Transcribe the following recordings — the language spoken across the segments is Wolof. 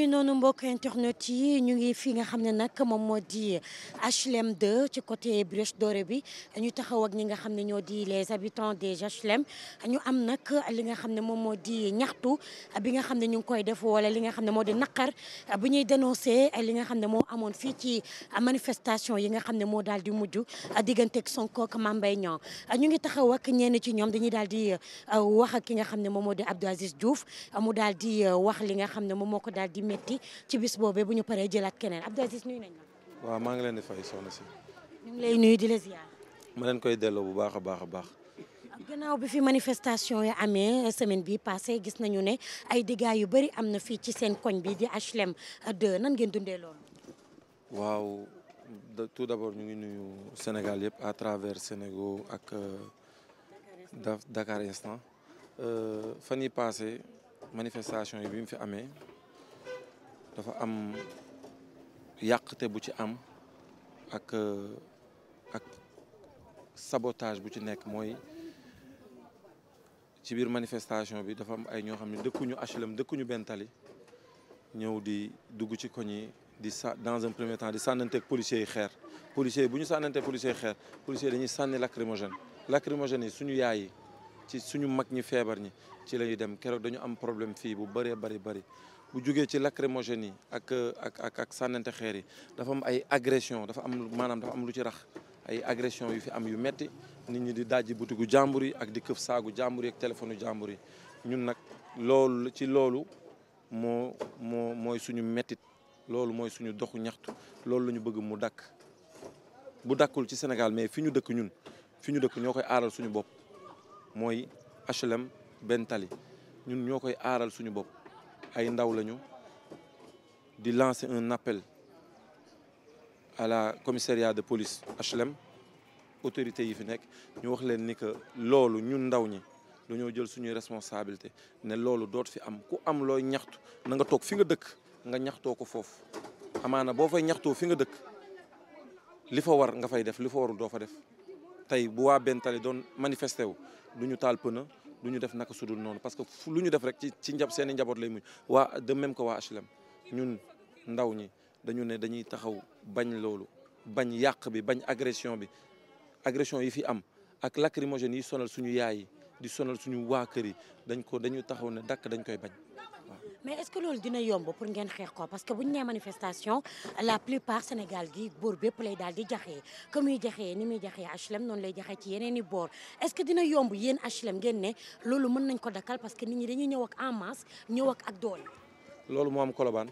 ngi noonu mbokk internet yi ñu ngi fi nga xam ne nag moom moo di HLM 2 ci côté Brioche Dorée bi ñu taxaw ak ñi nga xam ne ñoo di les habitants des HLM ñu am nag li nga xam ne moom moo di ñaxtu bi nga xam ne ñu ngi koy def wala li nga xam ne moo di naqar bu ñuy dénoncé li nga xam ne moo amoon fii ci manifestation yi nga xam ne moo daal di mujj digganteeg Sonko ak Mame Mbaye Niang ñu ngi taxaw ak ñenn ci ñoom dañuy daal di uh, wax ak ki nga xam ne moom moo di Abdou Aziz Diouf mu daal di uh, wax li nga xam ne moo ko métti ci bis boobee bu ñu paree jëlaat keneen Abdou Aziz nuyu nañ waaw maa ngi leen di fay soxna si. ñu lay nuyu di la ziar. ma leen koy delloo bu baax a baax a baax. gannaaw bi fi manifestation yi amee semaine bi passé gis nañu ne ay dégâts yu bëri am na fii ci seen koñ bi di HLM 2 nan ngeen dundee loolu. waaw tout d'abord ñu ngi nuyu Sénégal yëpp à travers Sénégal ak euh, Dakar Instant euh, fan yi passé manifestation yi bi mu fi amee dafa am yàqte bu ci am ak euh, ak sabotage bu ci nekk mooy ci biir manifestation bi dafa am ay ñoo xam ne dëkkuñu HLM dëkkuñu benn tali ñëw di dugg ci koñ yi di sa dans un premier temps di sànnanteek policiers yi xeer policiers yi bu ñu sànnanteeg policiers yi xeer policiers dañuy sànni lacrymogène lacrymogène yi suñu yaay yi ci suñu mag ñi feebar ñi ci lañuy dem keroog dañu am problème fii bu baree bëri bari bu jógee ci lacrymogène yi ak euh, ak ak ak sànnante xeer yi dafa am ay agression dafa am maanaam dafa am lu ci rax ay agression yu fi am yu metti nit ñi di dajji butigu jàmbur yi ak di këf saagu jàmbur yi ak téléphone jàmbur yi ñun nag loolu ci loolu moo moo mooy suñu mettit loolu mooy suñu doxu ñaxtu loolu la ñu bëgg mu dakk bu dakkul ci Sénégal mais fi ñu dëkk ñun fi ñu dëkk ñoo koy aaral suñu bopp mooy HLM Bentali ñun ñoo koy aaral suñu bopp ay ndaw lañu di lancer un appel à la de police HLM autorités yi fi nekk ñu wax leen ni que loolu ñun ndaw ñi dañoo jël suñuy responsabilité ne loolu dootu fi am ku am looy ñaxtu na nga toog fi nga dëkk nga ñaxtoo ko foofu amaana boo fay ñaxtoo fi nga dëkk li fa war nga fay def li fa warul doo fa def tey bu waa benn doon manifesté wu taal pëna du ñu def naka sudul noonu parce que lu ñu def rek ci ci seen i njaboot lay muñ waa de ko que waa HLM ñun ndaw ñi dañu ne dañuy taxaw bañ loolu bañ yàq bi bañ agression bi agression yi fi am ak lacrymogène yi sonal suñu yaay yi di sonal suñu waa kër yi dañ ko dañuy taxaw ne dakk dañ koy bañ mais est-ce que loolu dina yomb pour ngeen xeex ko parce que bu ñu nee manifestation la plupart Sénégal gi boor bépp lay daal di jaxee comme muy jaxee ni muy jaxe HLM noonu lay jaxee ci yeneen i boor est-ce que dina yomb yéen HLM ngeen ne loolu mën nañ ko dakkal parce que nit ñi dañuy ñëw ak en masse ñëw ak ak doole. loolu moo am kolobaan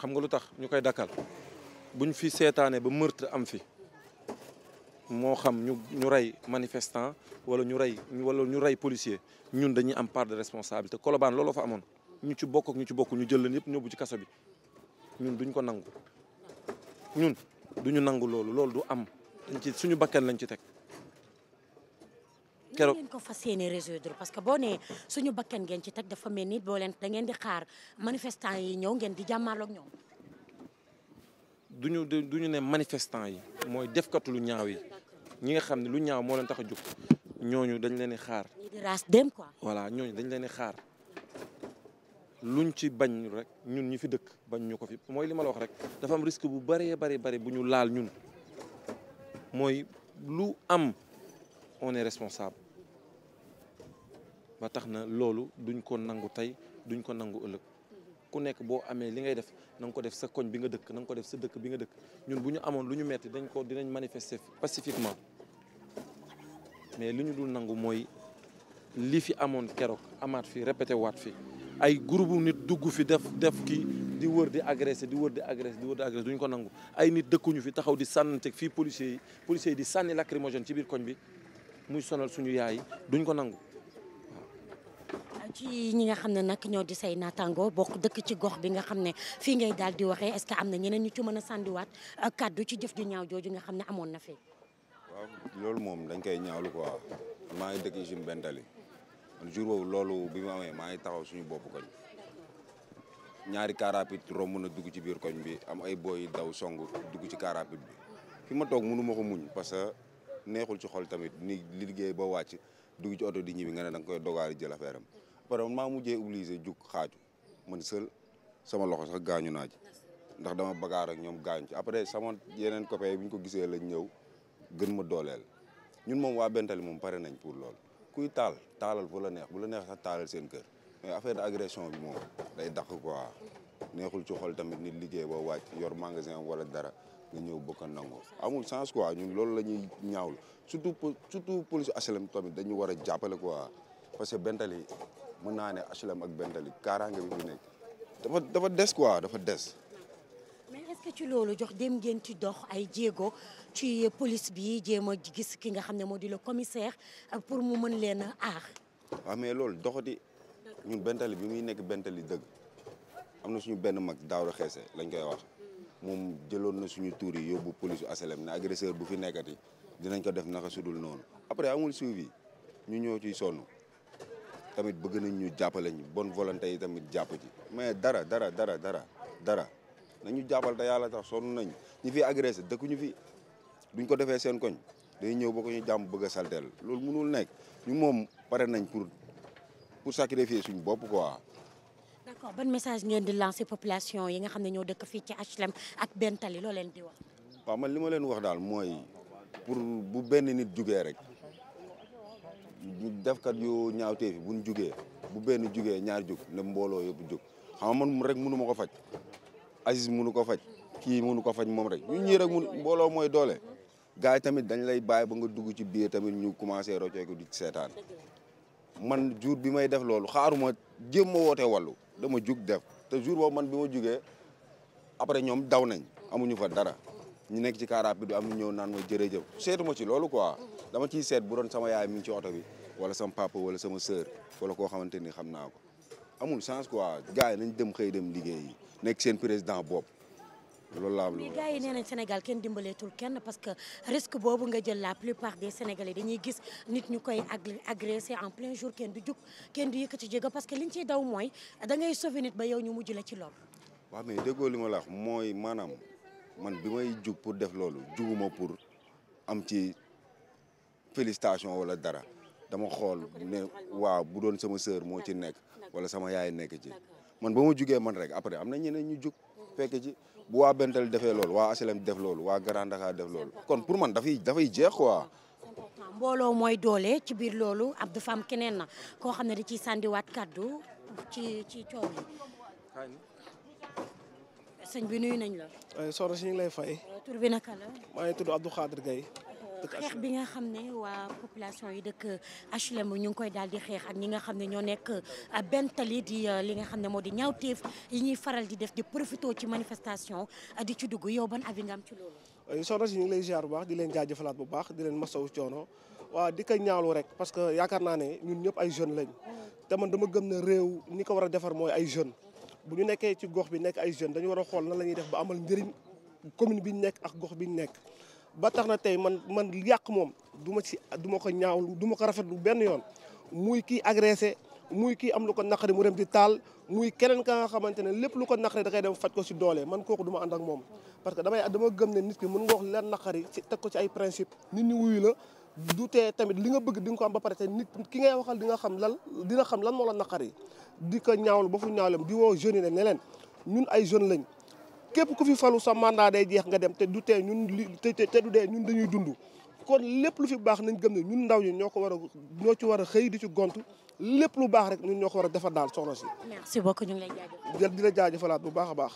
xam nga lu tax ñu koy dakkal buñ fi seetaanee ba meurtre am fi. moo xam ñu ñu rey manifestant wala ñu rey wala ñu rey policier ñun dañuy am part de responsabilité Colobane looloo fa amoon ñu ci bokk ak ñu ci bokk ñu jël leen yëpp ñóbbu ci kaso bi ñun duñ ko nangu ñun duñu nangu loolu loolu du am dañ ci suñu bakkan lañ ci teg keroog ngeen ko fas yéene résoudre parce que boo nee suñu bakkan ngeen ci teg dafa mel ni boo leen da ngeen di xaar manifestant yi ñëw ngeen di jàmmaarloog ñoom duñu duñu ne manifestant yi mooy defkatulu lu ñaaw yi ñi nga xam ne lu ñaaw moo leen tax a jóg ñooñu dañ leen di xaar. ñii di raas voilà ñooñu dañ leen di xaar luñ ci bañ rek ñun ñu fi dëkk bañ ñu ko fi mooy li ma la wax rek dafa am risque bu bëree bëri bëri bu ñu laal ñun mooy lu am on responsable ba tax na loolu duñ ko nangu tey duñ ko nangu ëllëg ku nekk boo amee li ngay def na nga ko def sa koñ bi nga dëkk na nga ko def sa dëkk bi nga dëkk ñun bu ñu amoon lu ñu metti dañ ko dinañ manifester pacifiquement mais li ñu dul nangu mooy li fi amoon keroog amaat fi répété waat fi ay groupe nit dugg fi def def kii di wër di agressé di wër di agressé di wër di agressé duñ ko nangu ay nit dëkkuñu fi taxaw di sànnante fii policiers yi yi di sànni lacrymogène ci biir koñ bi muy sonal suñu yaay duñ ko nangu ci ñi nga xam ne nag ñoo di say naataango bokk dëkk ci gox bi nga xam ne fii ngay daal di waxee est-ce que am na ñeneen ñu ci mën a sàndiwaat euh, kàddu ci jëf ju ñaaw jooju nga xam ne amoon na fi waaw loolu moom dañ koy ñaawlu quoi maa ngi dëkk usine Bentali man jour boobu loolu bi mu amee maa ngi taxaw suñu bopp koñ ñaari car rapide romb na dugg ci biir koñ bi am ay booy daw song dugg ci car bi fi ma toog mënu ma ko muñ parce que neexul ci xol tamit ni li liggéey ba wàcc dugg ci oto di ñibbi nga ne da nga koy dogaari jël affaire am après maa mujjee obligé jug xaaju man sël sama loxo sax gaañu naa ci ndax dama bagaar ak ñoom gaañu ci après sama yeneen copain bi ñu ko gisee lañ ñëw gën ma dooleel ñun moom waa Bentali moom pare nañ pour lool kuy taal taalal fu la neex bu la neex sax taalal seen kër mais affaire agression bi moom day dàq quoi neexul ci xol tamit ni liggéey ba wàcc yor magasin wala dara nga ñëw bëgg a nangu amul sens quoi ñun loolu la ñuy ñaawlu surtout surtout police HLM tamit dañu war a jàppale quoi parce que Bentali mën naa ne HLM ak Bentali kaaraange bi fi nekk dafa dafa des quoi dafa des. que ci loolu jox dem ngeen ci dox ay jéego ci police bi jéem a gis ki nga xam ne moo di le commissaire pour mu mën leen a aar. mais loolu doxati ñun bentali tali bi muy nekk benn tali dëgg am na suñu benn mag Daawda Xeese lañ koy wax moom jëloon na suñu tuur yi yóbbu police u aselem ne agresseur bu fi nekkati dinañ ko def naka dul noonu après amul suivi ñu ñëw ci sonn tamit bëgg nañ ñu jàppale ñu bon volonté yi tamit jàpp ci mais dara dara dara dara dara. nañu jàppal te yàlla tax sonn nañ ñu fi agressé dëkkuñu fi duñ ko defee seen koñ day ñëw ba ñu jàmm bëgg salteel loolu mënul nekk ñu moom pare nañ pour pour sacrifier suñu bopp quoi. d'accord ban message ngeen di lancer population yi nga xam ne ñoo dëkk fii ci HLM ak benn tali loo leen di wax. waaw man li ma leen wax daal mooy pour bu benn nit jugee rek defkat yu ñaawtee fi buñ jugee bu benn jugee ñaar jug ne mbooloo yëpp jug xam man rek mënu ma ko faj Aziz munu ko faj kii munu ko faj moom rek ñu ñii rek mun mbooloo mooy doole gars yi tamit dañ lay bàyyi ba nga dugg ci biir tamit ñu commencé rocceeku di seetaan man jour bi may def loolu xaaruma jéem ma woote wàllu dama jug def te jour boobu man bi ma jugee après ñoom daw nañ amuñu fa dara ñu nekk ci car rapide bi am ñëw naan ma jërëjëf seetuma ci loolu quoi dama ciy seet bu doon sama yaay mi ci oto bi wala sama papa wala sama sœur wala koo xamante ni xam naa ko amul chance quoi gars yi nañ dem xëy dem liggéeyi nekk seen président bopp loolu laa am. mais gars yi nee nañ Sénégal kenn dimbaleetul kenn parce que risque boobu nga jël la plupart des Sénégalais dañuy gis nit ñu koy agressé en plein jour kenn du jug kenn du yëkkati jéego parce que liñ ciy daw mooy da ngay sauver nit ba yow ñu mujj la ci lool. waaw mais déggoo li ma la wax mooy maanaam man bi may jug pour def loolu juguma pour am ci félicitation wala dara. dama xool ne waaw bu doon sama sœur moo ci nekk wala sama yaay nekk ci man ba mu jugee man rek après am na ñeneen ñu jug fekk ci bu waa Bentel defee loolu waa HLM def loolu waa Grand Dakar def loolu kon pour man dafay dafay jeex ko mbooloo mooy doole ci biir loolu ab dafa keneen na koo xam ne di ciy sàndiwaat kàddu ci ci coow yi. sëñ bi nuyu nañ la. Eh, soxna ñu lay fay. Euh, tur bi naka la. xeex bi nga xam ne waa population yi dëkk HLM ñu ngi koy daal xeex ak ñi nga xam ne ñoo nekk euh, benn tali di euh, li nga xam ne moo di ñaawteef yi ñuy faral di def di profité ci manifestation euh, di ci dugg yow ban avis nga am ci loolu. lay ziar bu baax di leen jaajëfalaat bu baax di leen masawu coono waaw di ko ñaalu rek parce que yaakaar naa ne ñun ñëpp ay jeunes lañ mm. te man dama gëm ne réew ñi ko war a defar mooy ay jeunes bu ñu nekkee ci gox bi nekk ay jeunes dañu war a xool nan la ñuy def ba amal njëriñ commune bi ñu nekk ak gox bi ñu nekk ba tax na tey man man yàq moom duma ma si du ma ko ñaawlu duma ko rafet rafetlu benn yoon muy kii agressé muy kii am lu ko naqari mu dem di taal muy keneen ka nga xamante ne lépp lu ko naqari da koy dem faj ko si doole man kooku du ma ànd ak moom. parce que damay dama gëm ne nit ki mën nga wax leen naqari ci teg ko ci ay principe nit ñi wuyu la du tee tamit li nga bëgg di nga ko am ba pare te nit ki ngay waxal di xam lan dina xam lan moo la naqari di ko ñaawlu ba fu ñaawlem di woo jeunes yi leen ñun ay jeunes lañ. képp ku fi falu sa mandat day jeex nga dem te du tee ñun li te du dee ñun dañuy dund kon lépp lu fi baax nañ gëm ne ñun ndaw ñi ñoo ko war a ñoo ci war a xëy di ci gont lépp lu baax rek ñun ñoo ko war a defar daal soxna si. merci beaucoup ñu ngi lay jaajëfal. di la bu baax a baax.